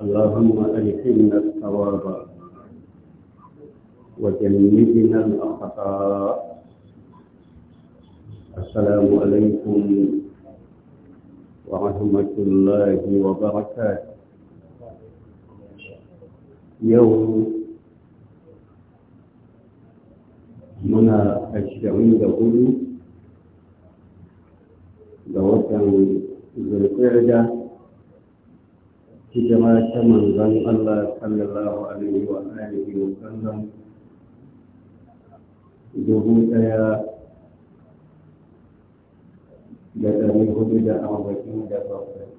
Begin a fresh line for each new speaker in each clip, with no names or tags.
اللهم ألهمنا الثواب وجنبنا الأخطاء السلام عليكم ورحمة الله وبركاته يوم منا يقول لو كان ذو القعده hijira ta manzon Allah sallallahu alaihi wa alihi wa sallam dubu daya da dari hudu da arba'in da bakwai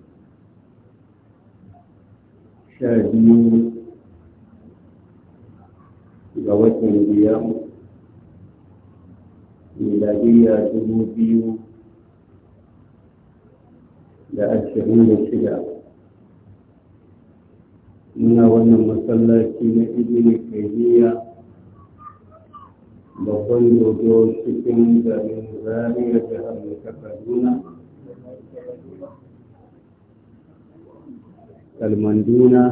sha biyu ga watan biyar miladiyya dubu biyu da ashirin da shida muna wannan masallaci na ibini kariya babban dodo cikin garin zariya jihar ta kaduna kalmanduna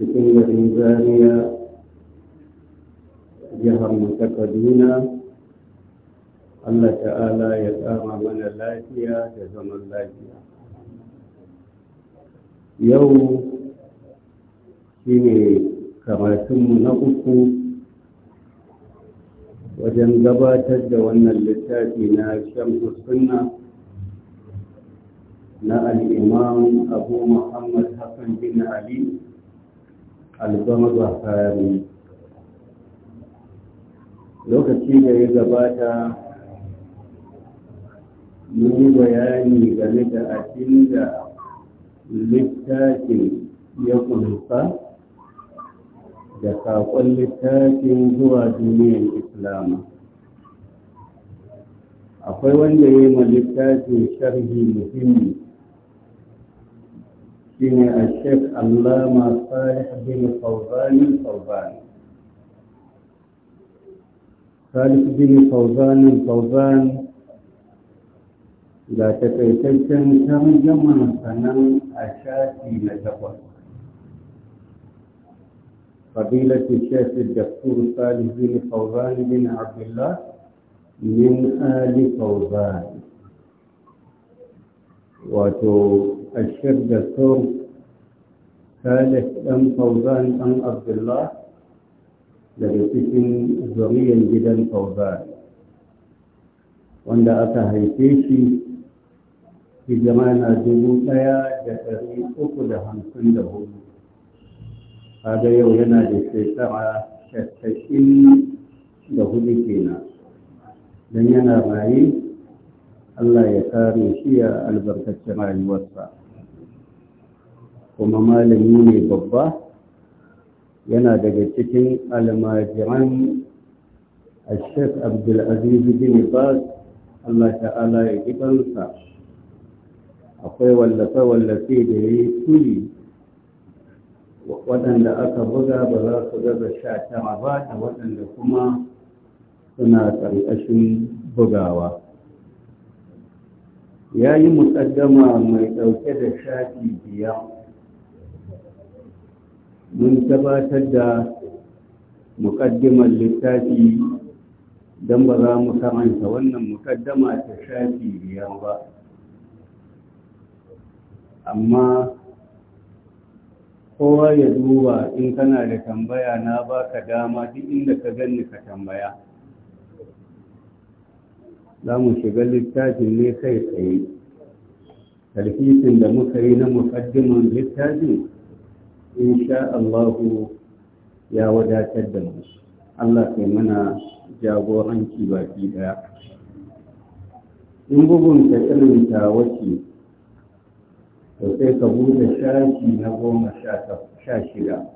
cikin garin zariya jihar ta kaduna allah ta'ala ya tsama mana lafiya da zaman lafiya yau shi ne karatunmu na uku wajen gabatar da wannan littafi na shamsu sunna na al'imam abu muhammad hassan bin ali albama zakari lokaci da ya gabata mun yi bayani game da abin da littafin ya kunsa da saƙon littafin zuwa duniyar islam akwai wanda ya yi ma littafin sharhi muhimmi Shi ne a shek allama salih bin fauzanin fauzan salih bin fauzanin fauzan ga takaitaccen tarjama sanan a shafi na takwas فضيلة الشيخ الدكتور صالح بن فوزان بن عبد الله من آل فوزان وتو الشيخ الدكتور صالح بن فوزان بن عبد الله الذي تسم ذريا جدا فوزان وندى أتى هيكيشي في زمان دبو تيا جتري أكل هنسن دهو kaga yau yana da shekara casa'in da hudu kenan don yana raye Allah ya kare shi ya albarkacce rayuwarsa kuma malami ne babba yana daga cikin almajiran الشيخ abdulaziz bin بن Allah ta'ala ya يجبنسا akwai wallafe-wallafe da ya yi tuli waɗanda aka buga ba za su gaza sha tara ba da waɗanda kuma suna ƙarƙashin bugawa ya yi muƙaddama mai ɗauke da shafi biyar mun gabatar da muƙaddimar littafi don ba za mu karanta wannan muƙaddama ta shafi biyar ba amma kowa ya duba in kana da tambaya na baka dama duk inda ka ganni ka tambaya za mu shiga littafin ne kai tsaye tarkisin da muka yi na mukaddimin littafin insha Allahu ya wadatar da mu Allah kai mana jagoranci baki daya in bugun ta irin wace to sai ka buɗe shashi na goma sha shida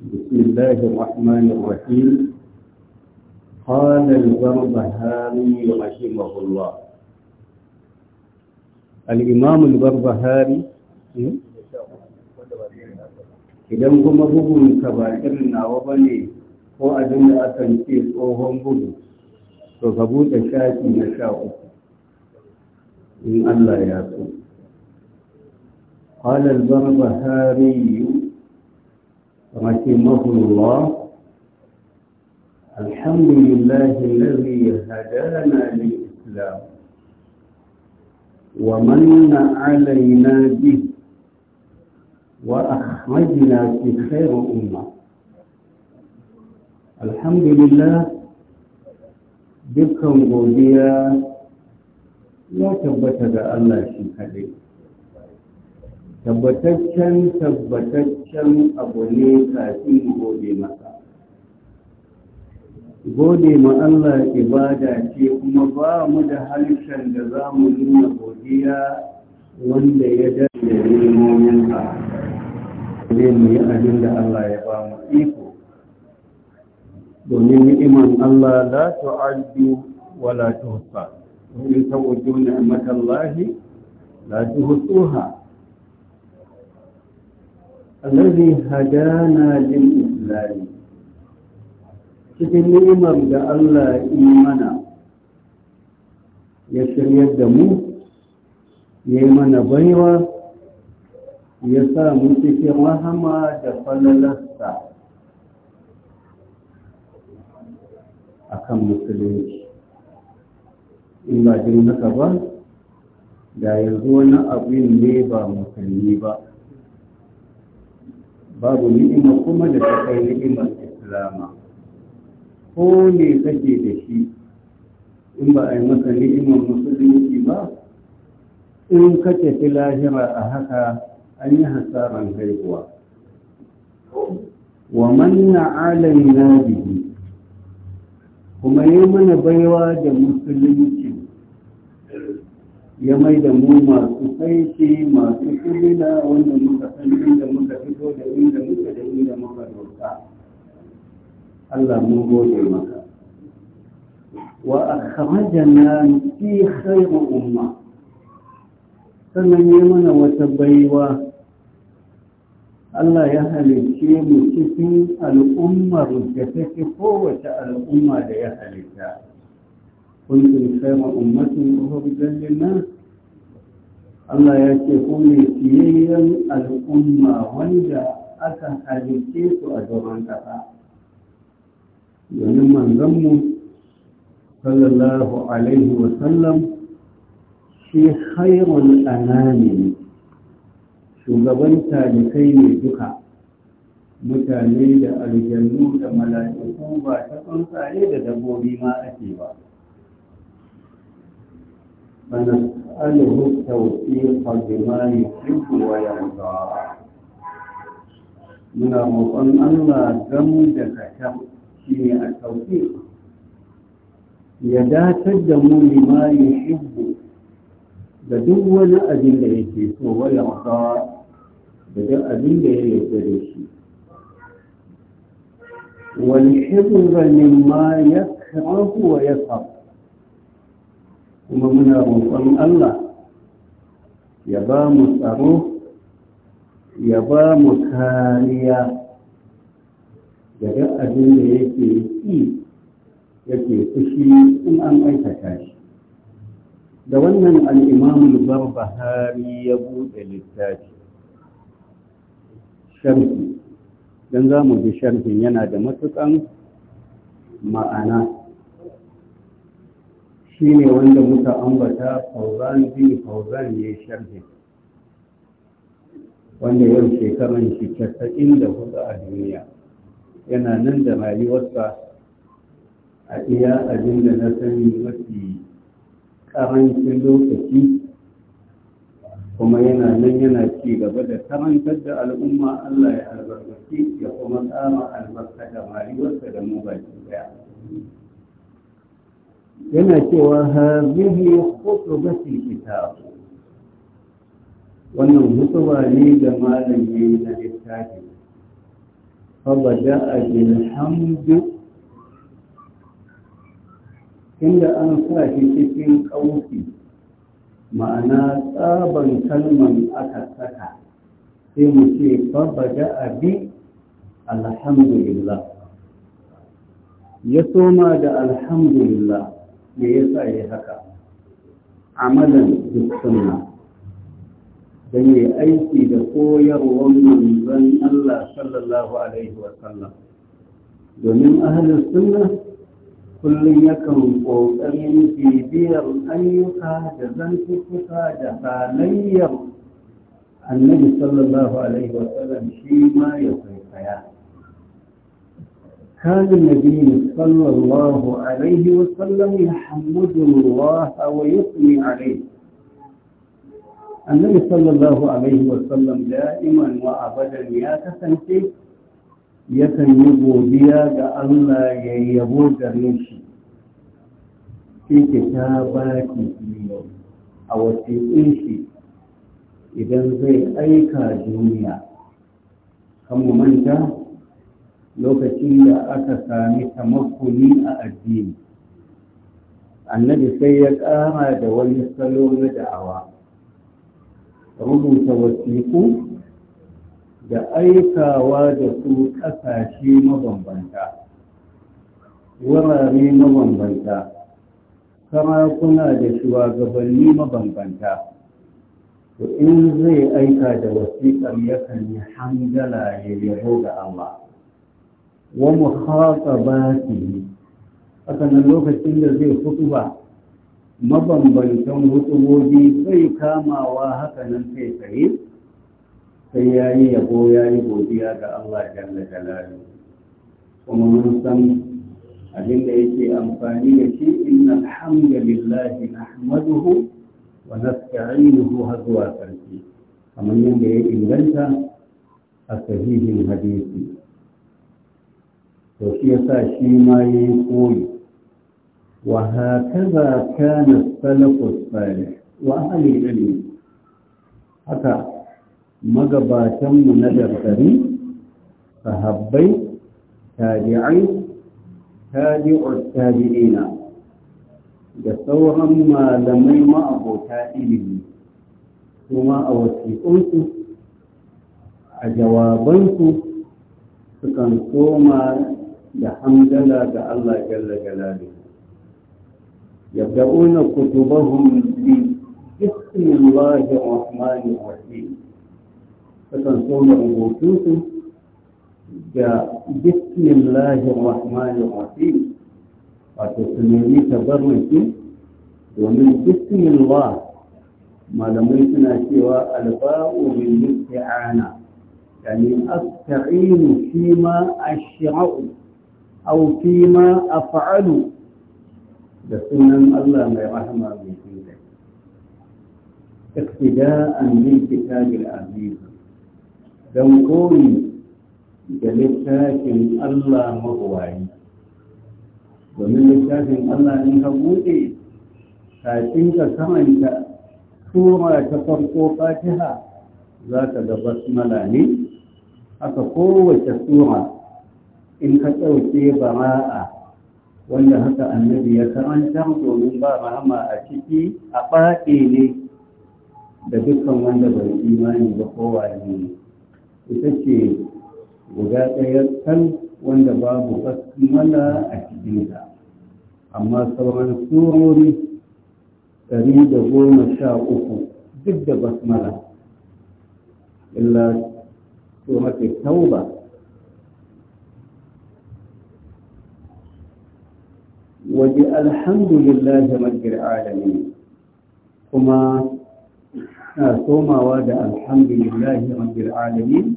bismillahi rahmanir rahim قال البربهاري رحمه الله الإمام البربهاري idan kuma bugun ba irin nawa ba ne ko abin da akan ce tsohon bugu to ka buɗe shafi na sha uku in Allah ya so قال البربهاري رحمه الله الحمد لله الذي هدانا للإسلام ومن علينا به وأخرجنا في خير أمة الحمد لله بكم غوديا لا tabbata الله في حديث tabbataccen tabbataccen abu ne kafin gode masa gode ma Allah ibada ce kuma ba mu da harshen da za mu nuna godiya wanda ya dace da nemominsa zai mu yi abin da Allah ya ba mu iko domin ni'iman Allah la tu'addu wa la tuhsa wa in tawajjuna ni'matallahi la tuhsuha الذي هدانا للإسلام cikin ni'imar da Allah mana. ya shiryar da mu ya yi mana baiwa ya sa mu cikin rahama da falalasta a kan musulunci in ba jin haka ba da yanzu wani abin ne ba musulmi ba babu ni'ima kuma da ta kai ni'imar islama ko ne kake da shi in ba a yi masa ni'imar musulunci ba in ka tafi lahira a haka an yi hasaran haihuwa wa manna na biyu. kuma yi mana baiwa da musulunci ya mai da mu masu saiti masu kubila wanda muka san inda zo da inda muka da inda muka doka Allah mun gode maka wa akhrajana fi khayri umma sannan ya mana wata baiwa Allah ya halicce mu cikin al'ummar da take kowace al'umma da ya halitta kuntum khayra ummatin ukhrijat lin-nas Allah ya ce ku ne fiyayyen al'umma wanda aka halitte su a zaman ƙasa domin manzanmu sallallahu alaihi wa sallam, shi hairun anani ne shugaban talikai ne duka mutane da aljannu da mala'iku ba ta tsuntsaye da dabbobi ma ake ba أسأله التوفيق بما يحب ويرضى من المظن أن لا جمدك تحسني التوفيق يدا تجم لما يحب بدون أدلة يجيسه ويعطى بدون أدلة يجيسه والحذر مما يكره ويصف kuma muna roƙon Allah ya ba mu tsaro ya ba mu kariya daga abin da yake yi yake fushi in an aikata shi da wannan al'imamul barbahari ya buɗe littafi sharhi don za mu bi sharhin yana da matuƙan ma'ana shi ne wanda muka ambata fauzan bin fauzan ya sharhi wanda yau shekaran shi casa'in da hudu a duniya yana nan da rayuwarsa a iya abin da na sani mafi karancin lokaci kuma yana nan yana ci gaba da karantar da al'umma Allah ya albarkaci ya kuma tsara albarka da rayuwarsa da mu baki daya yana cewa hazihi khutbatul kitab wannan hutuba ne da malami na littafi fabada bil hamdu inda an sa shi cikin kauki ma'ana tsaban kalman aka saka sai mu ce fabada abi alhamdulillah ya soma da alhamdulillah me yasa ya haka amalan sunna dan yi aiki da koyarwar manzon Allah sallallahu alaihi wa sallam domin ahlus sunna kullum yakan ƙoƙarin bibiyar ayyuka da zantukuka da halayyar annabi sallallahu alaihi sallam shi ma ya kwaikwaya كان النبي صلى الله عليه وسلم يحمد الله ويثني عليه النبي صلى الله عليه وسلم دائما وابدا يا تسنتي يثني بوديا الله ييبو جرنشي في كتابك او في انشي اذا زي ايكا دنيا كم من lokacin da aka sami tamakuni a addini annabi sai ya kama da wani salo na da'awa rubuta wasiku da aikawa da su ƙasashe mabambanta wurare mabambanta kuna da shugabanni mabambanta to in zai aika da wasiƙar yakan yi hangala ya yabo ga Allah wa muhatabatihi haka nan lokacin da zai ba mabambantan hutubobi zai kamawa haka nan sai tsaye sai ya yi yabo ya yi godiya ga Allah jalla jalali kuma mun san abin da yake amfani da shi inna alhamdulillahi nahmaduhu wa nasta'inuhu har zuwa kamar yadda ya inganta a sahihin hadisi to shi yasa shi ma yi koyi wa hakaza kana salafus salih wa ahli ilmi haka magabatanmu na daftari sahabbai tabi'ai tabi'ut tabi'ina da sauran malamai ma'abota ilimi kuma a wasiƙunsu a jawabansu sukan soma da hamdala ga Allah jalla jalali yabda'una kutubahum bi bismillahir rahmanir rahim kasan so mu rubutu su da bismillahir rahmanir rahim wato su nemi tabarruki domin bismillah malamai suna cewa alba'u min isti'ana yani asta'inu shi ma ashra'u aw ma a af'alu da sunan Allah mai rahma mai jinkai iktida'an bil kitabil aziz dan koyi da littafin Allah mabuwayi domin littafin Allah in ka buɗe kafin ka karanta sura ta farko fatiha za ka ga basmala ne haka kowace sura in ka ɗauke bara'a wanda haka annabi ya karanta domin ba rahama a ciki a ɓaɗe ne da dukkan wanda bai imani ba kowa ne ita ce guda ɗaya kan wanda babu basmala a cikinta amma sauran surori ɗari da goma sha uku duk da basmala illa suratul tauba waje alhamdulillah rabbil alamin kuma na somawa da alhamdulillah rabbil alamin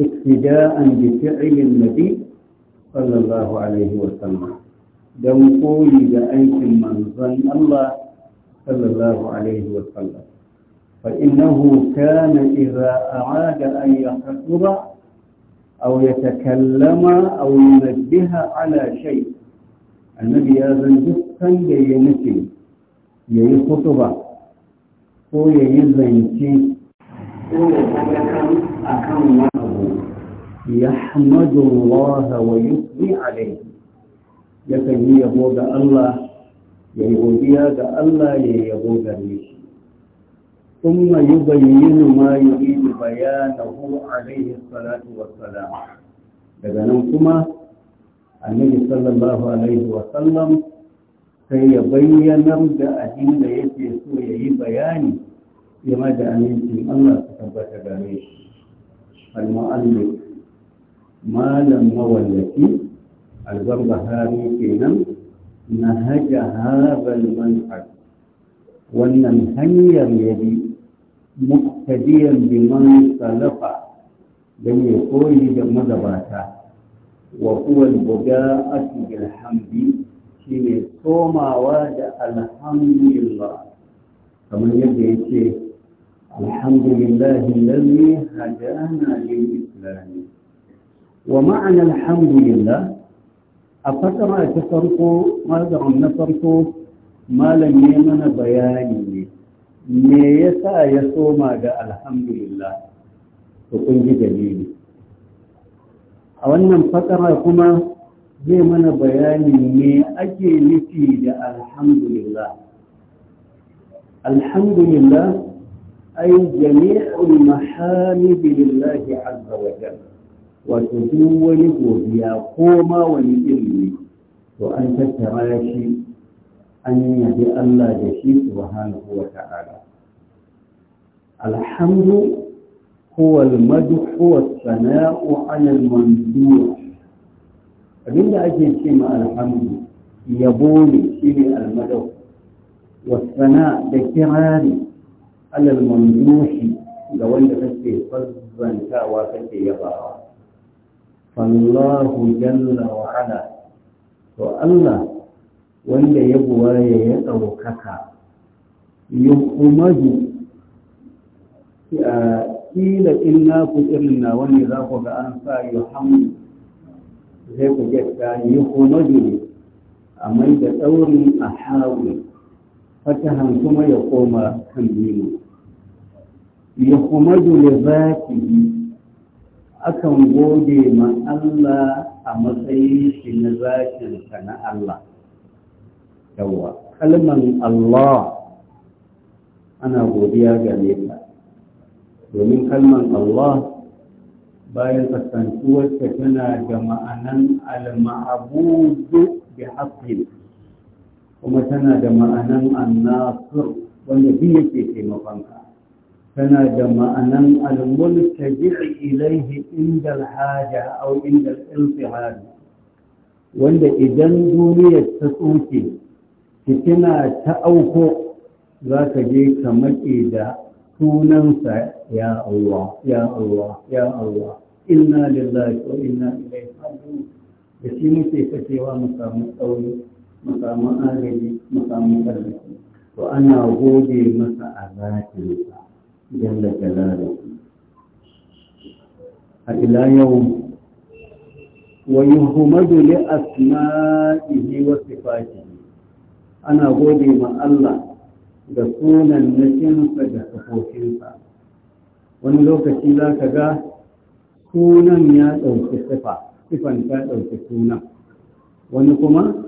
iktida'an bi fi'lin nabi sallallahu alaihi wa sallam dan koyi da aikin manzon Allah sallallahu alaihi wa sallam fa innahu kana idha a'ada an يخطب أو يتكلم أو ينبه على شيء annabi ya zan duk sanda ya nufi ya yi kutuba ko ya yi zance ko ya sadakar a kan wani abu ya hamadu Allah wa yusri Ya yakan yi yabo ga Allah ya yi godiya ga Allah ya yi yabo gare shi ثم يبين ما يريد بيانه عليه الصلاة والسلام daga nan kuma annabi sallallahu alaihi wasallam sai ya bayyanar da abin yake so ya yi bayani game da amincin Allah su tabbata gare shi almu'allim malam mawallaki albar bahari kenan na haja harabar manhaj wannan hanyar ya bi muktadiyan bi salafa don ya koyi da magabata wa huwa al-buga'atu hamdi shine komawa da alhamdulillah kamar yadda ce, alhamdulillah alladhi hadana lil islam wa ma'ana alhamdulillah a fatara ta farko malam na farko malam ne mana bayani ne me yasa ya soma da alhamdulillah to kungi dalili a wannan fakara kuma zai mana bayani ne ake nufi da alhamdulillah alhamdulillah ay jami'ul mahamid lillah azza wa jalla wato duk wani godiya ko ma wani ilimi to an tattara shi an yabi Allah da shi subhanahu wa ta'ala alhamdu هو المدح والثناء على المنذور فمن أجل شيء الحمد يبون شيء المدح والثناء بكراري على المنذوح لو أن فتي تاوى كأوى فتي فالله جل وعلا فالله وأن يبوى يتو ككا يقومه آه، kila in na ku irin na wani za ku ga an sa yohamu zai ku yi kuma ne a mai da tsaurin a hawi fatahan kuma ya koma kan nemo kuma ne za ki yi akan goge ma Allah a matsayin shi na zakinsa na Allah yawa kalman Allah ana godiya ga ta domin kalmar Allah bayan kasantuwarta tana da ma'anan al-ma'abudu bi haqqin kuma tana da ma'anan annasir wanda biyu yake taimakonka tana da ma'anan al-multaji' ilaihi inda al-haja aw inda al wanda idan duniyar ta tsoke fitina ta auko za ka je ka maƙe da sunansa ya Allah ya Allah ya Allah inna lillahi wa inna ilaihi raji'un da shi muke kacewa mu samu tsauri mu samu agaji mu samu tallafi to ana gode masa a da jalla jalaluhu a ila yau asma'ihi wa sifatihi. Ana gode ma Allah. da sunan nakinsa da sufofinsa wani lokaci za ka ga sunan ya ɗauki sifa sifan ta ɗauki sunan wani kuma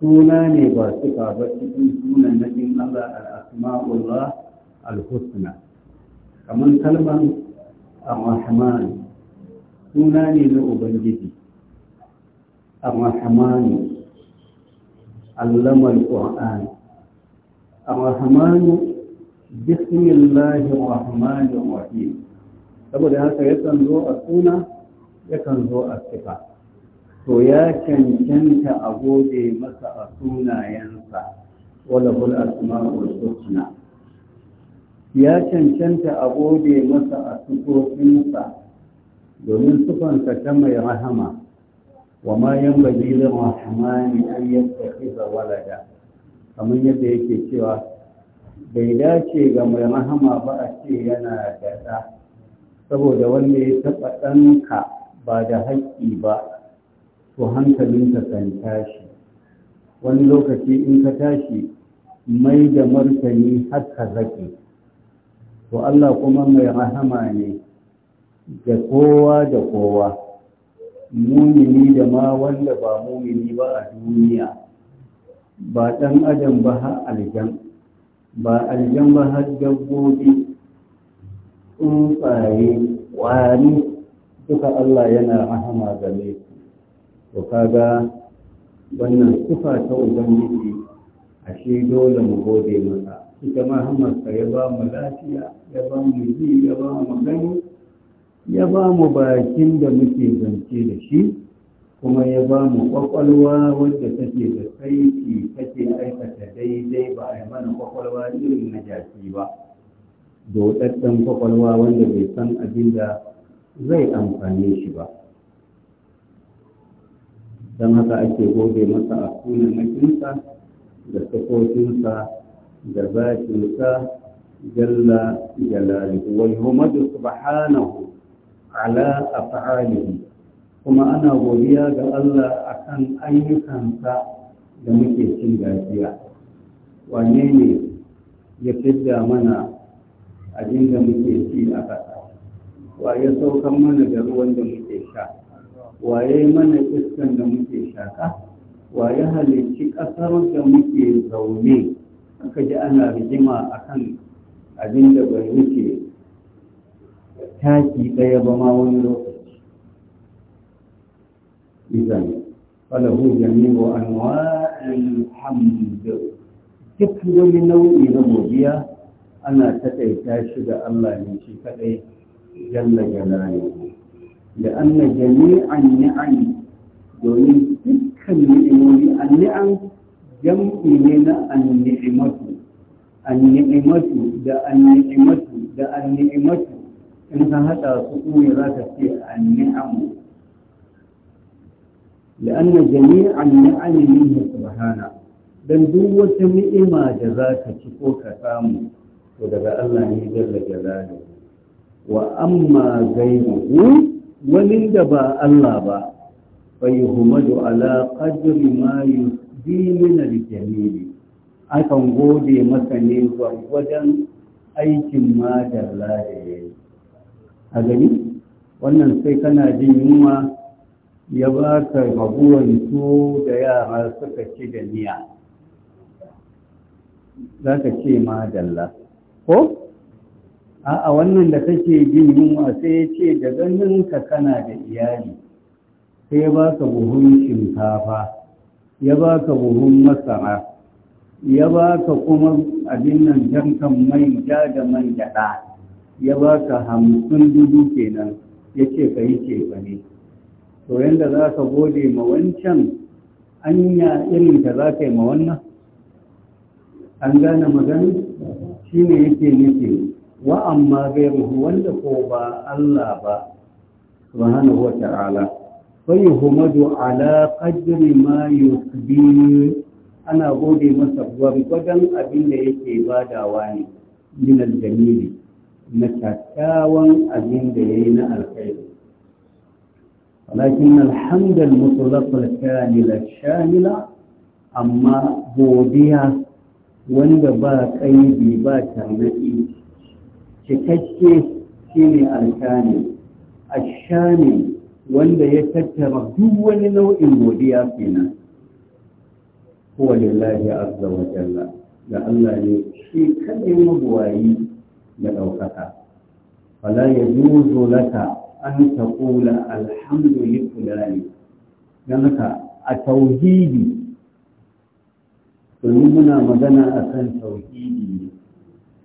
suna ne ba sifa ba cikin sunan na Allah al-asma'ullah al-husna kamar kalman ar-rahman suna ne na ubangiji ar-rahman allama al-qur'an الرحمن بسم الله الرحمن الرحيم saboda haka yakan zo a suna yakan zo a sifa to ya cancanta a gode masa a sunayensa wala bul asma'ul husna ya cancanta a gode masa a sifofinsa domin sufansa ta mai rahama wa ma yan bajilin rahamani an yadda walada kamar yadda yake cewa bai dace ga mai rahama ba a ce yana da ɗa saboda wanda ya taɓa ɗanka ba da haƙƙi ba to hankalinka kan tashi wani lokaci in ka tashi mai da martani haka ka zaƙi to Allah kuma mai rahama ne da kowa da kowa mumini da ma wanda ba mumini ba a duniya ba ɗan adam ba har aljan ba aljan ba har dabbobi tsuntsaye ƙwari duka Allah yana rahama game su to kaga wannan sufa ta ubangiji ashe dole mu gode masa ita ma hamarsa ya ba mu lafiya ya ba mu ji ya ba mu gani ya ba mu bakin da muke zance da shi kuma ya ba mu kwakwalwa wadda take da saiti take aikata daidai ba a yi mana kwakwalwa irin na jaki ba doɗaɗɗen kwakwalwa wanda bai san abin da zai amfane shi ba don haka ake goge masa a sunan makinsa da sakokinsa da zafinsa jalla jalali wal humadu subhanahu ala af'alihi kuma ana godiya ga Allah akan ayyukansa da muke cin gajiya wane ne ya fidda mana abin da muke ci a ƙasa waye saukan mana da ruwan da muke sha waye mana iskan da muke shaka waye halicci ƙasar da muke zaune aka ji ana rigima a kan abin da bai wuce taki ɗaya ba ma wani lokaci إذن فله جميع أنواع الحمد duk wani nau'i na godiya ana taƙaita shi ga Allah ne shi kaɗai jalla jalali da anna jami'an ni'an domin dukkan ni'imomi an jam'i ne na an ni'imatu da an ni'imatu da an in ka haɗa su kuma za ka ce an لأن جميع النعم منه سبحانه dan duk wata ni'ima da za ka ci ko ka samu to daga Allah ne jalla jalalu wa amma ghayruhu wani da ba Allah ba fa yuhmadu ala qadri ma yusbi min al-jamili akan gode masa ne gwargwadon aikin ma da Allah da a gani wannan sai kana jin yunwa ya ba ta mabuwan tuwo da yara suka ci da miya za ka ce ma dalla ko a wannan da kake jin yunwa sai ya ce da ganinka kana da iyali sai ya ba ka buhun shinkafa ya ba ka buhun masara ya ba ka kuma abin nan jankan mai ja da man gyaɗa ya ba ka hamsin dubu kenan ya ce ka yi ce ne to yanda za ka gode ma wancan anya irin da za ka yi ma wannan an gane magana shi ne yake nufi wa amma ruhu wanda ko ba Allah ba subhanahu wa ta'ala fayyuhumadu ala qadri ma yusbi ana gode masa gwargwadon abin da yake badawa ne min aljamili na kyakkyawan abin da yi na alkhairi
ولكن الحمد
المطلق الكامل الشامل أما بوديا wanda ba kaidi ba tarnaki cikakke shine alkani ashani wanda ya tattara duk wani nau'in godiya kenan huwa lillahi azza wa jalla da Allah ne shi kadai mabuwayi da ɗaukaka fala yajuzu laka an taƙula alhamdulillah don haka a tauhidi domin muna magana a kan tauhidi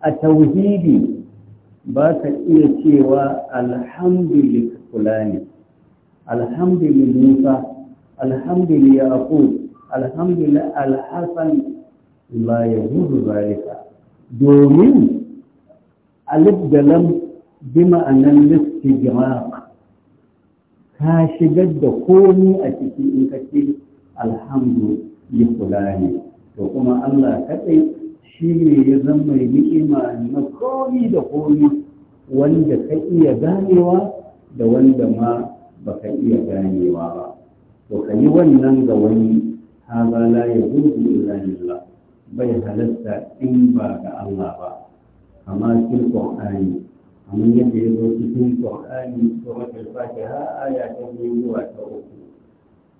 a tauhidi ba ka iya cewa alhamdulillah alhamdulillah musa alhamdulillah yaqub alhamdulillah alhasan la yahudu zalika domin alif da lam bi ma'anan listigraq ka shigar da komi a cikin in ka ce alhamdu li fulani to kuma Allah kadai shi ne ya zama mai ni'ima na komi da komi wanda ka iya ganewa da wanda ma baka iya ganewa ba to ka yi wannan ga wani haza la ya zuzu illa lillah bai halatta in ba ga Allah ba kama cikin Qur'ani kamar yadda ya zo cikin Qur'ani suratul Fatiha aya ta biyu zuwa ta uku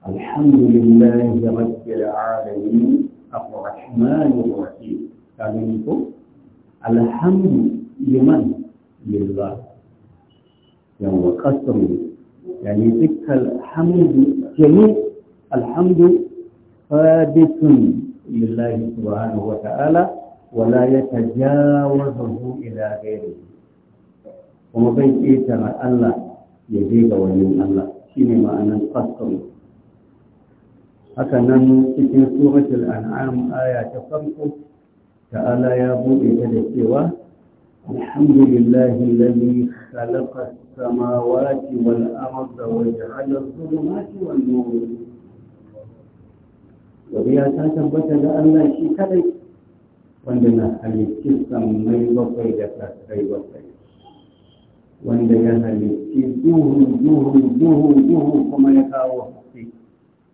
alhamdulillahi rabbil alamin arrahmanir rahim kamin ko alhamdu liman lillah yawa qasru yani dukkan hamdu jami alhamdu sabitun lillahi subhanahu wa ta'ala ولا يتجاوزه إلى غيره kuma bai ƙetara Allah ya je ga wani Allah shi ne ma'anar faston haka nan cikin suratul an'am aya ta farko ta'ala ya buɗe ta da cewa alhamdulillahi lalli khalaqa samawati wal arda wa ja'ala dhulumati wan nur wadiya ta tabbata da Allah shi kadai wanda na halittu sammai bakwai da kasai bakwai wanda ya halitti duhu duhu duhu duhu kuma ya kawo haske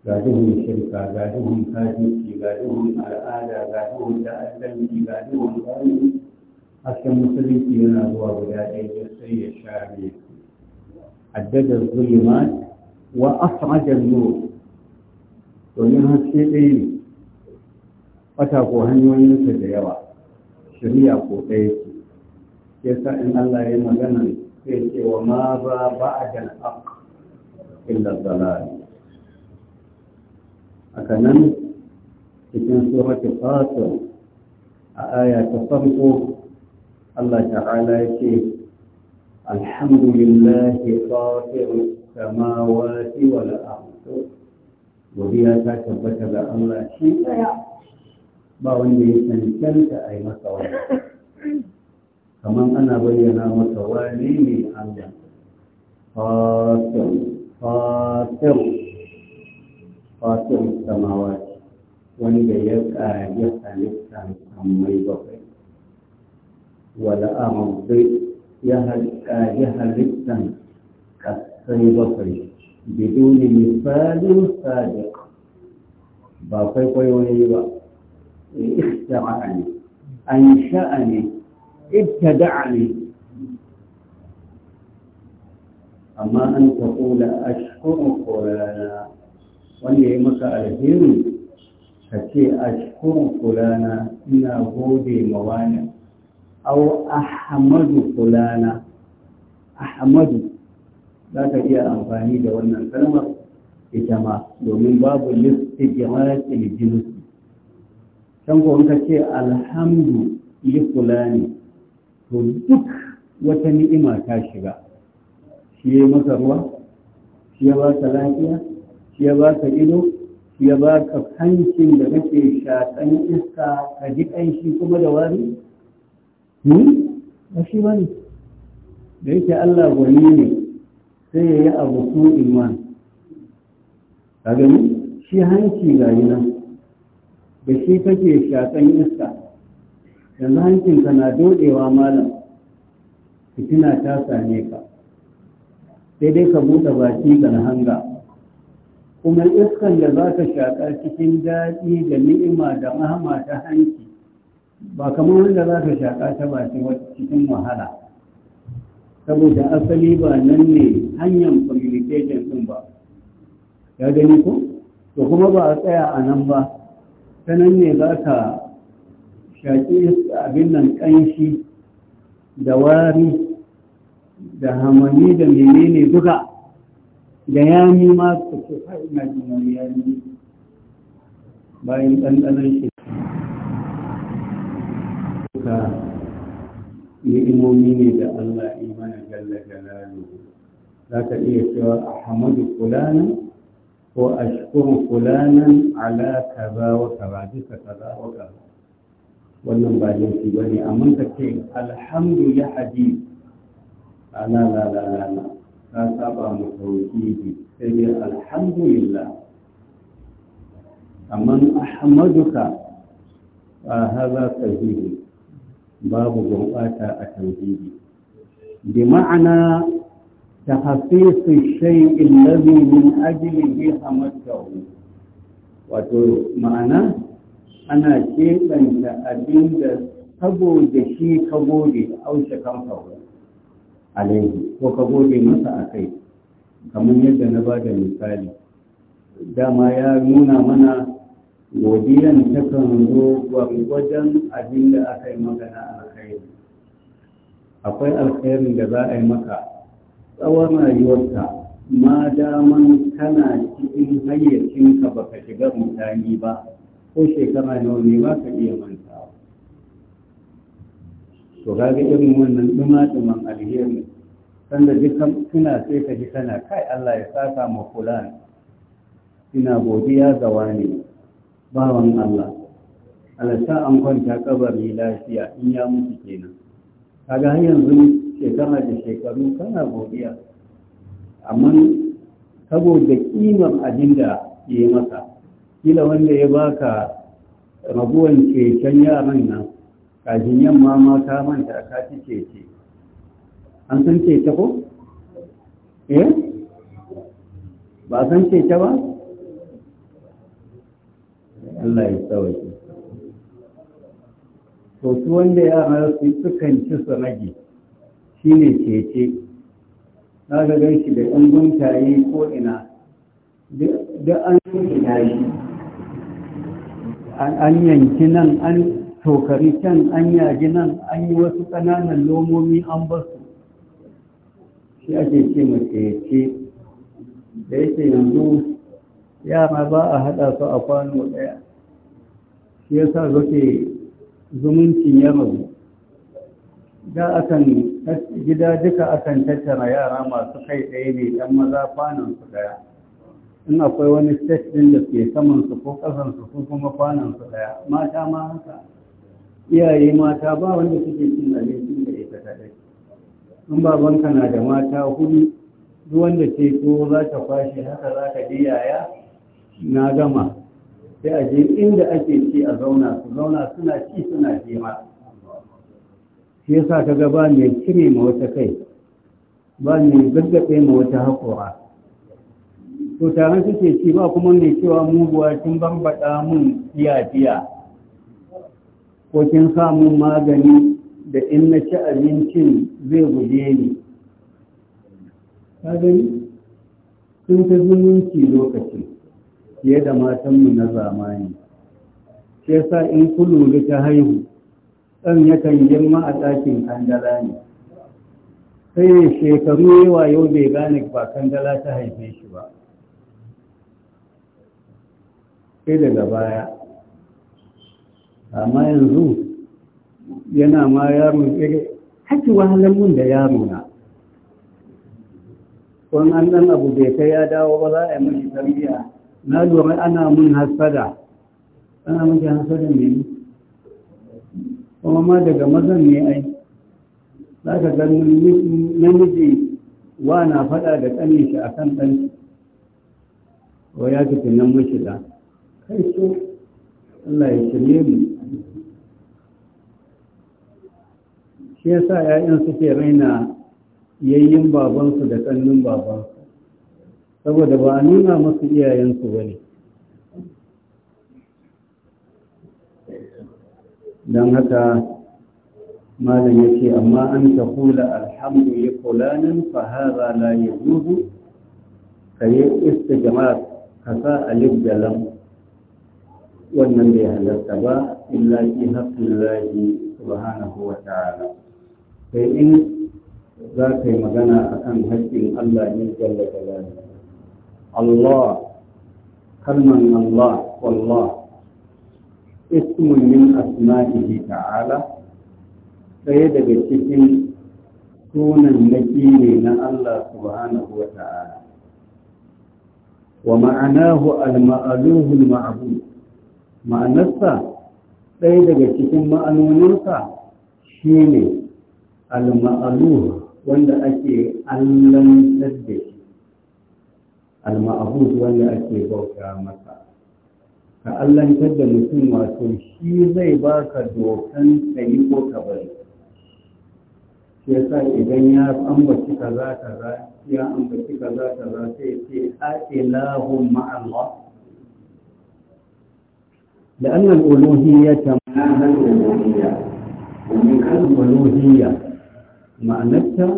ga duhun shirka ga duhun kafirci ga duhun al'ada ga duhun ta'addanci ga duhun ƙarni hasken musulunci yana zuwa guda ɗaya sai ya share su haddada zulumat wa asrajar nur domin haske ɗaya ne wata ko hanyoyinsa da yawa shari'a ko ɗaya ce yasa in Allah ya magana يلقي وماذا بعد الحق إلا الضلال أكنا في سورة قاتل آية تصرف الله تعالى يكي الحمد لله فاطر السماوات والأرض وهي تكبت الله شيء باوني سنكلت أي مصورة
kamar ana bayyana masa wani
ne Allah fatir fatir fatir samawa wanda ya ƙage halittar sammai bakwai wala amurbai ya ƙage halittar ƙasai bakwai biduni misalin sadiq ba kwaikwayo ne ba ikhtara ne an sha'a ne ابتدعني amma an taƙula a shukuru kulana wanda ya maka alheri ka ce a kulana ina gode mawana au ahmadu kulana ahmadu za ka iya amfani da wannan kalmar ita domin babu listigiratil jinsi can ko ka ce alhamdu li kulani to duk wata ni'ima ta shiga shi ya maka ruwa shi ya baka lafiya shi ya baka ido shi ya baka hancin da kake shaƙan iska ka ji ƙanshi kuma da wari ni hmm? ba shi ne. da yake Allah gwani ne sai ya yi abu su iman ka gani shi hanci ga nan da shi kake shaƙan iska yanzu hankinka na dodewa malam fitina ta same ka sai dai ka buɗe baki ga hanga kuma iskan da za ka shaƙa cikin daɗi da ni'ima da mahama ta hanki ba kamar wanda za ka shaƙa ta baki cikin wahala saboda asali ba nan ne hanyar communication ɗin ba ya gani ku? to kuma ba a tsaya a nan ba ta nan ne za ka shaƙi abin nan ƙanshi da wari da hamani da menene duka da yami ma su ce fa'ina jinar yami bayan ɗanɗanon shi duka ni'imomi ne da Allah imana galla galalu za ka iya cewa Hamadu fulana ko a ashkuru fulanan ala kaza wa kaza duka kaza wa kaza wannan ba laifi ba ne amma ka ce alhamdu ya hadi ala la la la la ka saba mu tauhidi sai dai alhamdulillah amma ahmaduka هذا توحيد باب غرفاتا التوحيد بمعنى تخصيص الشيء الذي من أجله حمدته ma'ana? ana keɓanta abin da saboda shi ka gode aushe kan alaihi ko ka gode masa a kai kamar yadda na ba da misali dama ya nuna mana godiyan ta kan zo wajen abin da aka yi magana alkhairi akwai alkhairin da za a yi maka tsawon rayuwarka ma daman kana cikin hayyacinka baka shiga mutane ba ko shekara nawa ne ba ka iya mantawa to ga irin wannan duma-duman alheri sanda dukkan sai ka ji kana kai Allah ya saka ma fulan ina godiya ga wani bawan Allah alasa an kwanta kabari lafiya in ya mutu kenan kaga har yanzu shekara da shekaru kana godiya amma saboda kimar abin da ya masa kila wanda ya baka raguwan keken yaran nan kafin yamma ma ka manta ka ci keke an san keke ko eh ba san keke ba Allah ya tsawaki to su wanda yara su sukan ci su rage shi ne keke na ga shi da ɗan guntaye ko ina duk an yi shi an yanki nan an tokari can an yaji nan an yi wasu ƙananan lomomi an su shi ake ce mace da yake yanzu yara ba a haɗa su a kwano ɗaya shi sa zoke zumuncin ya rabu da akan gida duka akan tattara yara masu kai ɗaya ne ɗan maza kwanan su ɗaya in akwai wani state din da ke saman su ko kasan su ko kuma kwanan su daya mata ma haka iyaye mata ba wanda suke cin abinci da ita in babanka na da mata hudu duk wanda ce ko za ta kwashe haka za ka yaya na gama sai a je inda ake ci a zauna su zauna suna ci suna jima shi yasa ka ba mai kire ma wata kai ba mai gaggabe ma wata haƙora to tare suke ci ba kuma mai cewa muguwa kin bambada mun fiya-fiya ko kin sa mun magani da in na ci abincin zai guje ni gani sun ta zumunci lokaci fiye da matanmu na zamani shi yasa in kuluri ta haihu ɗan yakan girma a ɗakin kandala ne sai shekaru yawa yau bai gane ba kandala ta haife shi ba sai daga baya amma yanzu yana ma yaro iri eh, haki wahalar mun da yaro na kun an ɗan abu bai kai ya dawo ba za a yi mashi tarbiyya na lura ana mun hasada ana mashi hasada ne kuma ma daga mazan ne ai za ka ga namiji wa na faɗa da ƙanin shi a kan ɗansu wa ya fi nan mashi da kai so Allah ya shirye mu shi yasa ƴaƴan suke raina yayyin babansu da kannin babansu saboda ba a nuna masu iyayensu ba ne don haka malam ya ce amma an ta hula alhamdu ya kulanin fahara la ya zuhu ka yi jama'a ka sa alif da lamu wannan bai halarta ba illa fi haqqillahi subhanahu wa ta'ala sai in za ka yi magana akan haƙƙin Allah ne jalla jalali Allah kalman Allah wallah ismun min asma'ihi ta'ala ɗaya daga cikin sunan na ne na Allah subhanahu wa ta'ala wa ma'anahu al-ma'aluhu al-ma'bud ma'anarsa ɗaya daga cikin ma'anoninsa shi ne alma'aluwa wanda ake allantar da shi almaabu wanda ake bauta masa ka allantar da mutum wato shi zai baka dokan ka yi ko ka bari shi sa idan ya ambaci kaza kaza ya ambaci kaza kaza sai ce a ilahun ma'allah لأن الألوهية معنى الألوهية ومن الألوهية معنتها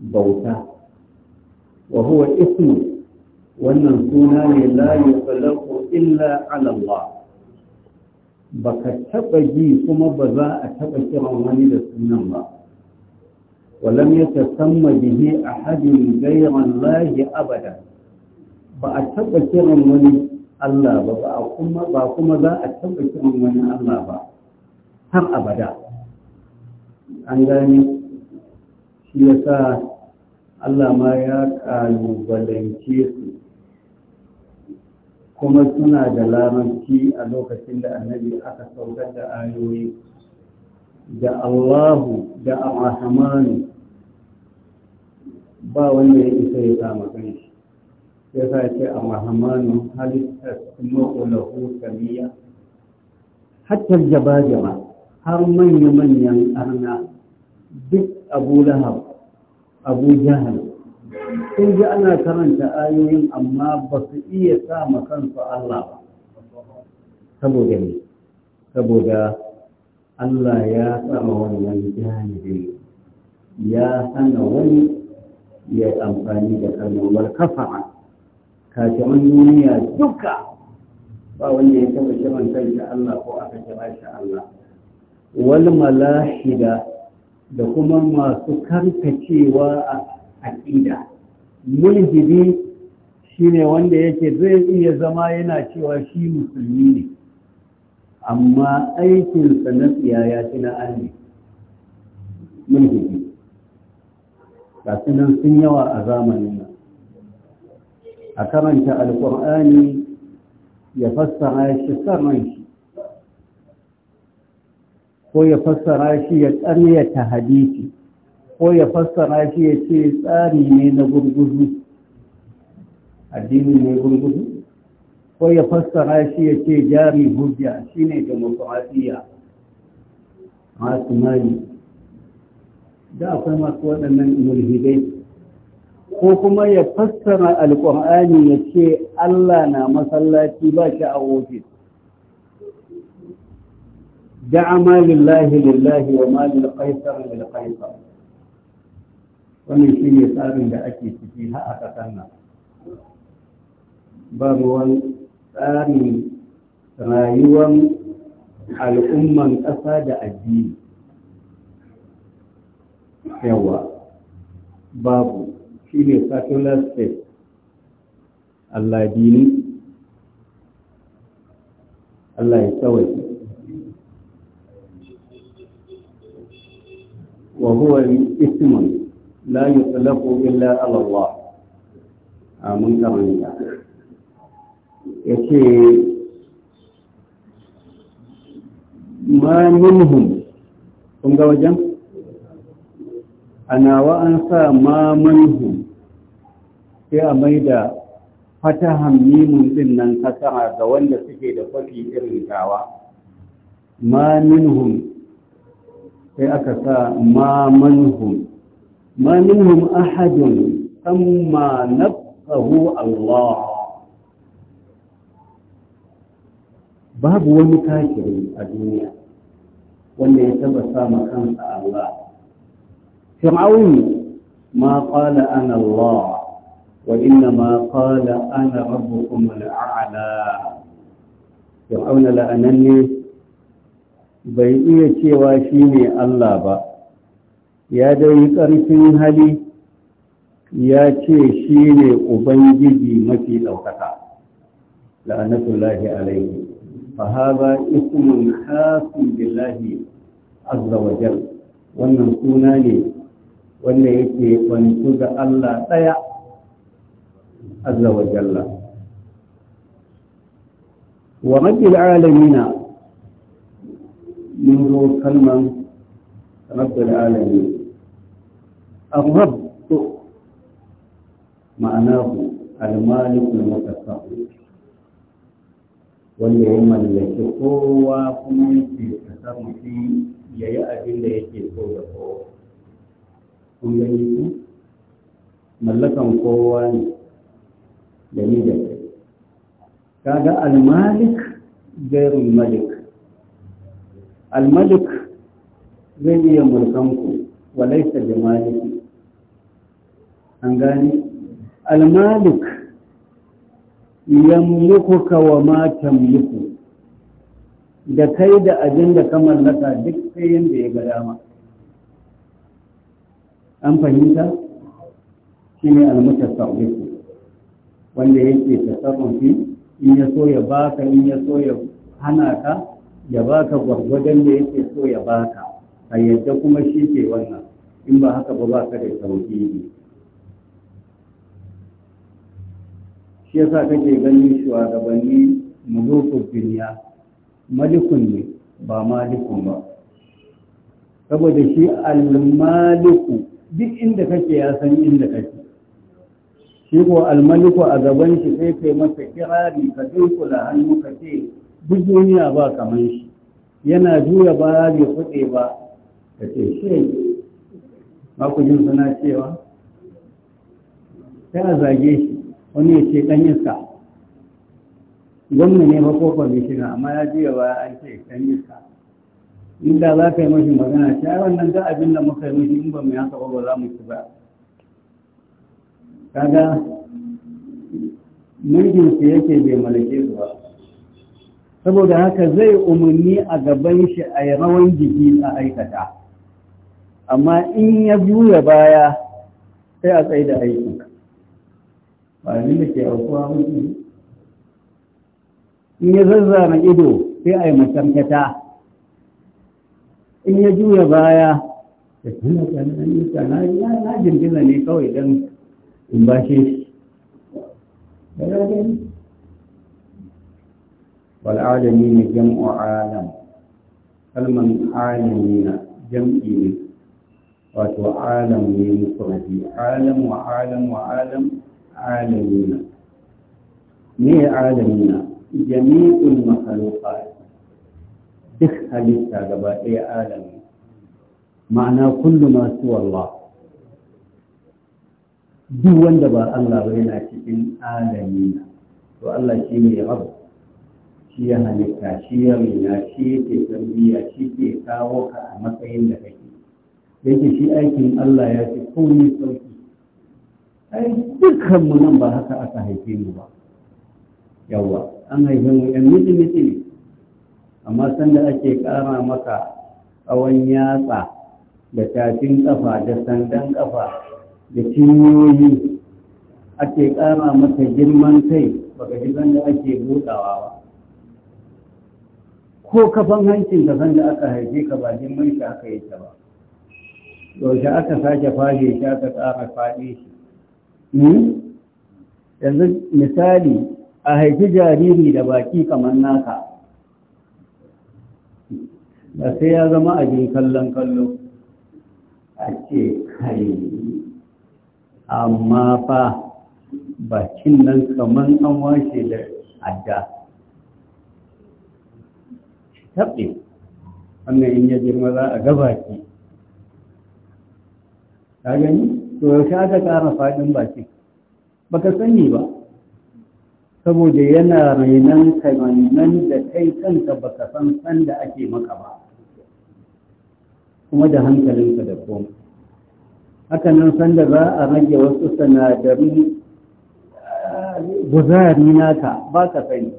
بوتا وهو اسم wannan suna ne layi yutsalaqu illa ala Allah baka taɓa ji kuma ba za a taɓa kiran wani da sunan ba walam yatasamma a hadin ghayra Allah abada ba a taɓa kiran wani Allah ba kuma za a taɓa kiran wani Allah ba har abada an gani shi ya sa Allah ma ya kalubalance su kuma suna da laranci a lokacin da annabi aka saukar da ayoyi da Allahu da Ar-Rahmanu ba wanda ya isa ya kama kanshi ya sa ce a mahamanu halittar ma'ulahu samiya hattar jaba jaba har manya-manyan arna duk abu lahab abu jahal sun ji ana karanta ayoyin amma ba su iya sa kansu Allah ba saboda ne saboda Allah ya sama wannan jahilin ya hana wani ya amfani da kalmar kafa'a kafiran duniya duka ba wanda ya taba kiran kanshi Allah ko aka kira shi Allah wal malahida da kuma masu karkacewa a aqida mulhidi shine wanda yake zai iya zama yana cewa shi musulmi ne amma aikinsa na tsiyaya na an ne mulhidi ga sun yawa a zamanin nan a karanta alƙur'ani ya fassara shi sarran shi ko ya fassara shi ya ƙaryata hadisi ko ya fassara shi ya ce tsari ne na gurguzu addini ne gurguzu ko ya fassara shi ya ce jari hujja shine demokradiyya masu mali da akwai masu waɗannan mulhidai ko kuma ya fassara alƙur'ani ya ce Allah na masallaci ba shi a ofis da'ama lillahi lillahi wa ma lil qaisar lil qaisar wannan shine tsarin da ake ciki ha a kasan nan ba ruwan tsarin rayuwar al'umman ƙasa da addini yawa babu shi ne secular state Allah dini Allah ya tsawai wa huwa ismun la yutlaqu illa ala Allah a karanta yace ma minhum kun ga wajen a nawa an sa ma manhu sai a mai da fatahan mimun din nan kasara ga wanda suke da fafi irin tawa ma minhum sai aka sa ma manhum ma minhum ahadun amma nafsahu Allah babu wani kafiri a duniya wanda ya taba sama kansa Allah fir'aun ma qala ana Allah wa inna ma qala ana rabbukum al'ala bai iya cewa ne Allah ba ya dai ƙarfin hali ya ce shine ubangiji mafi ɗaukaka la'anatullahi alaihi فهذا اسم خاص بالله عز وجل wannan suna ne wanda yake kwantu ga Allah ɗaya azza wa jalla wa alamina mun zo kalman rabbil alamin الرب معناه المالك المتصرف wanda ya mallaki kowa kuma yake tasarrufi ya yi abin da yake so da kowa kun gani ku mallakan kowa ne da ni da kai kaga almalik gairul malik almalik zai iya mulkan ku walaisa da maliki an gani almalik yamlikuka wa ma tamliku da kai da abin da ka mallaka duk sai yanda ya ga dama an fahimta shi ne almutasarrifu wanda yake tasarrufi in ya so ya baka in ya so ya hana ka ya baka gwargwadon da yake so ya baka a yadda kuma shi ke wannan in ba haka ba ba ka da ne. shi ya sa kake ganin shugabanni mulukun duniya malikun ne ba malikun ba saboda shi almaliku. duk inda kake ya san inda kake shi ko almaliku a gaban shi sai kai masa kirari ka dunkula hannu ka ce duk duniya ba kamar shi yana juya ba bai kuɗe ba ka ce shi ba ku jin suna cewa sai a zage shi wani ya ce ɗan iska gwamna ne ba ko kwamishina amma ya juya ba an ce ɗan iska inda za ka yi mashi magana ai wannan ga abin da muka yi mashi in ba mu haka ba za mu ci ba kaga mulkin shi yake bai malake su ba saboda haka zai umarni a gaban shi a yi rawan jiki a aikata amma in ya juya baya sai a tsaye da aikin ba ni da ke aukuwa mutu in ya zazzara ido sai a yi masamkata in ya juya baya da tana tsananin nuka na jirgiza ne kawai don in bashe shi والعالمين جمع عالم kalman alami na jam'i ne wato alam ne mukurfi alam wa alam wa alam alami na ne alami na jami'ul makalukat duk halitta gaba ɗaya alami ma'ana kullu masu wallah duk wanda ba Allah ba yana cikin alami na to Allah shi ne rabu shi ya halitta shi ya rina shi yake tarbiyya shi ke kawo ka a matsayin da kake yake shi aikin Allah ya fi komai sauki ai dukkan mu nan ba haka aka haife mu ba yawa an haife mu yan miji miji ne amma sanda ake ƙara maka tsawon yatsa da tafin ƙafa da sandan ƙafa da cinyoyi ake ƙara maka girman kai baka ji sanda ake buɗawa ba ko kafan hancin da sanda aka haife ka ba girman shi aka yi ta ba yaushe aka sake fashe shi aka tsara faɗe shi hmm? yanzu misali a haifi jariri da baki kamar naka da sai ya zama abin kallon kallo a ce kai amma fa bakin nan kamar an washe da adda taɓe wannan in ya girma za a ki ka gani to yaushe aka ƙara faɗin baki baka sani ba saboda yana rainan kamanin da kai kanka baka san san da ake maka ba kuma da hankalinka da komai haka nan sanda za a rage wasu sanadarin ah, guzari naka ba ka sani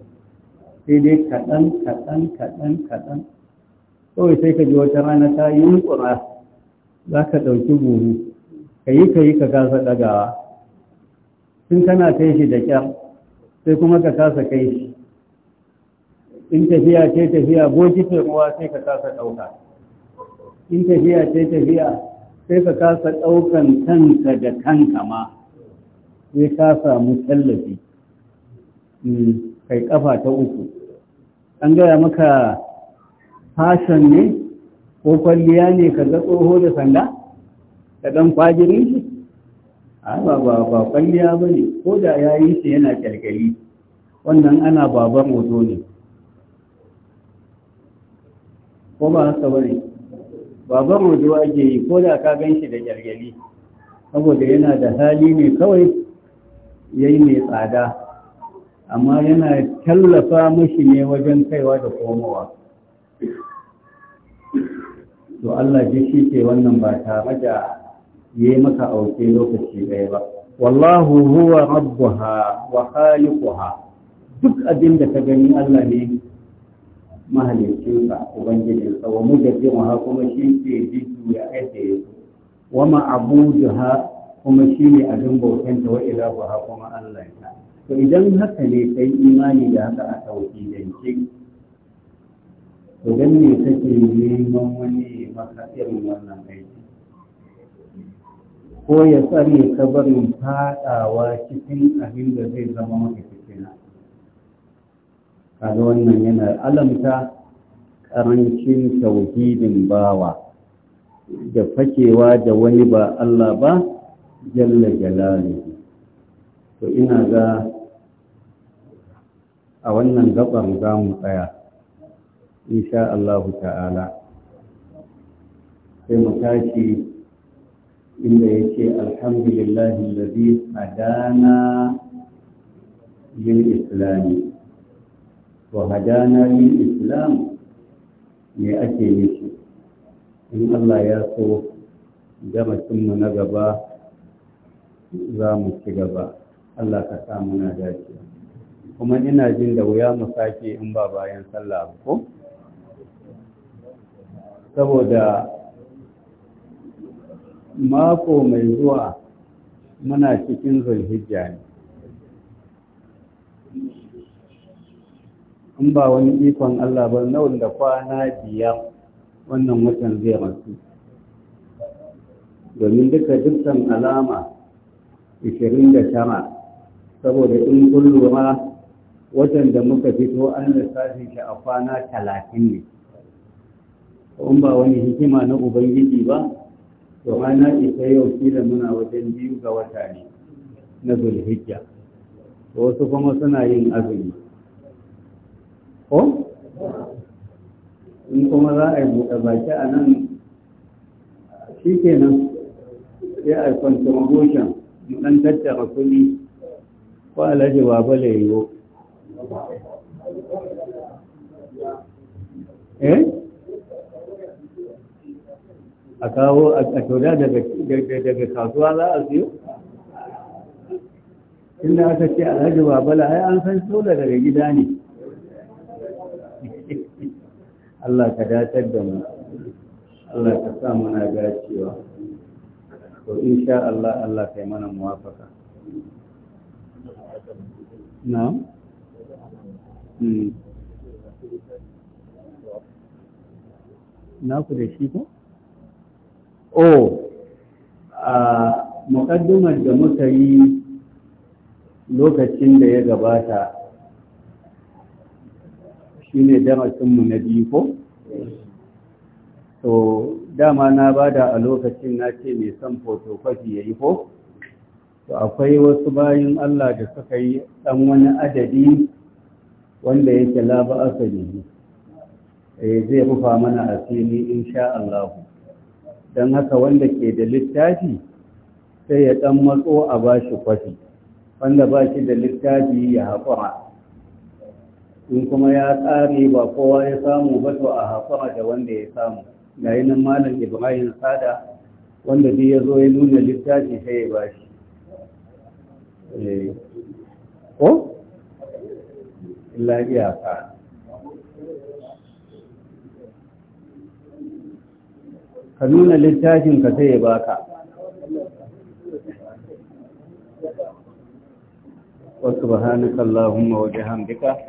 sai dai kaɗan kaɗan kaɗan kaɗan kawai sai ka ji wata rana ta yi yunkura za ka ɗauki buhu ka yi ka yi ka kasa ɗagawa tun kana kai shi da kyar sai kuma ka kasa kai shi in tafiya ce tafiya bokitin ruwa sai ka kasa ɗauka in tafiya ce tafiya sai ka kasa ɗaukan kanka da kanka ma sai ka samu tallafi hmm, kai kafa ta uku an gaya maka fashon ne ko kwalliya ne ka ga tsoho da sanda ka ɗan kwajirin shi a ba ba ba kwalliya ba ne ko da ya yi shi yana kyalkyali wannan ana babar hoto ne ko ba haka ba ne baban rojo ake yi ko da ka gan shi da gyargyali saboda yana da hali ne kawai ya yi mai tsada amma yana tallafa mashi ne wajen kaiwa da komowa to Allah ji shi ke wannan ba tare da yi maka auke lokaci ɗaya ba wallahu huwa rabbuha wa khaliquha duk abin da ka gani Allah ne mahalicinsa ubangijinsa wa ha kuma shi ke ya yadda ya su wa ha, kuma shi ne abin bautanta wa ha, kuma Allah ya to idan haka ne kai imani da haka a tauhidance to dan ne ke neman wani maka irin wannan aiki ko ya tsare ka barin fadawa cikin abin da zai zama mafi kaga wannan yana alamta ƙarancin tauhidin bawa da fakewa da wani ba Allah ba jalla jalaluhu to ina ga a wannan gabar za mu tsaya insha Allah ta'ala sai mu tashi inda yake alhamdulillahi alladhi hadana lil islami wa hadana lil islam me ake nufi in Allah ya so mu na gaba za mu ci gaba Allah ka sa na dace kuma ina jin da wuya mu sake in ba bayan sallah ko saboda mako mai zuwa muna cikin zulhijja ne in ba wani ikon Allah ba na wanda kwana biyar wannan watan zai rasu domin duka dukkan alama 29 saboda in kun lura watan da muka fito an lissafi shi a kwana talatin ne in ba wani hikima na ubangiji ba to rana ita yau da muna wajen biyu ga wata ne na zulhijja wasu kuma suna yin azumi ko in kuma za a yi buɗe baki a nan shi nan sai a yi contribution ɗan tattara kuɗi ko alhaji da layo eh a kawo a tauda daga kasuwa za a siyo inda aka ce alhaji da ai an san sola daga gida ne Allah ka datar da mu Allah ka sa muna dacewa to insha Allah Allah kai mana muwafaka na hmm. na ku da shi ko oh a muƙaddimar da muka yi lokacin da ya gabata shi ne darasinmu na biyu ko? to dama na bada a lokacin na ce mai son fotokofi ya yi ko? to akwai wasu bayan Allah da suka yi ɗan wani adadi wanda yake laba asali eh, zai rufa mana asali insha Allah don haka wanda ke da littafi sai ya ɗan matso a bashi kwafi wanda ba shi da littafi ya haƙura in kuma ya tsari ba kowa ya samu ba to a haƙura da wanda ya samu ga yi nan malam ibrahim sada wanda duk ya zo ya nuna littafi sai ya ba shi eh. ko? illa iyaka ka nuna littafin ka sai ya ka wasu ba bahanaka Allahumma wa bihamdika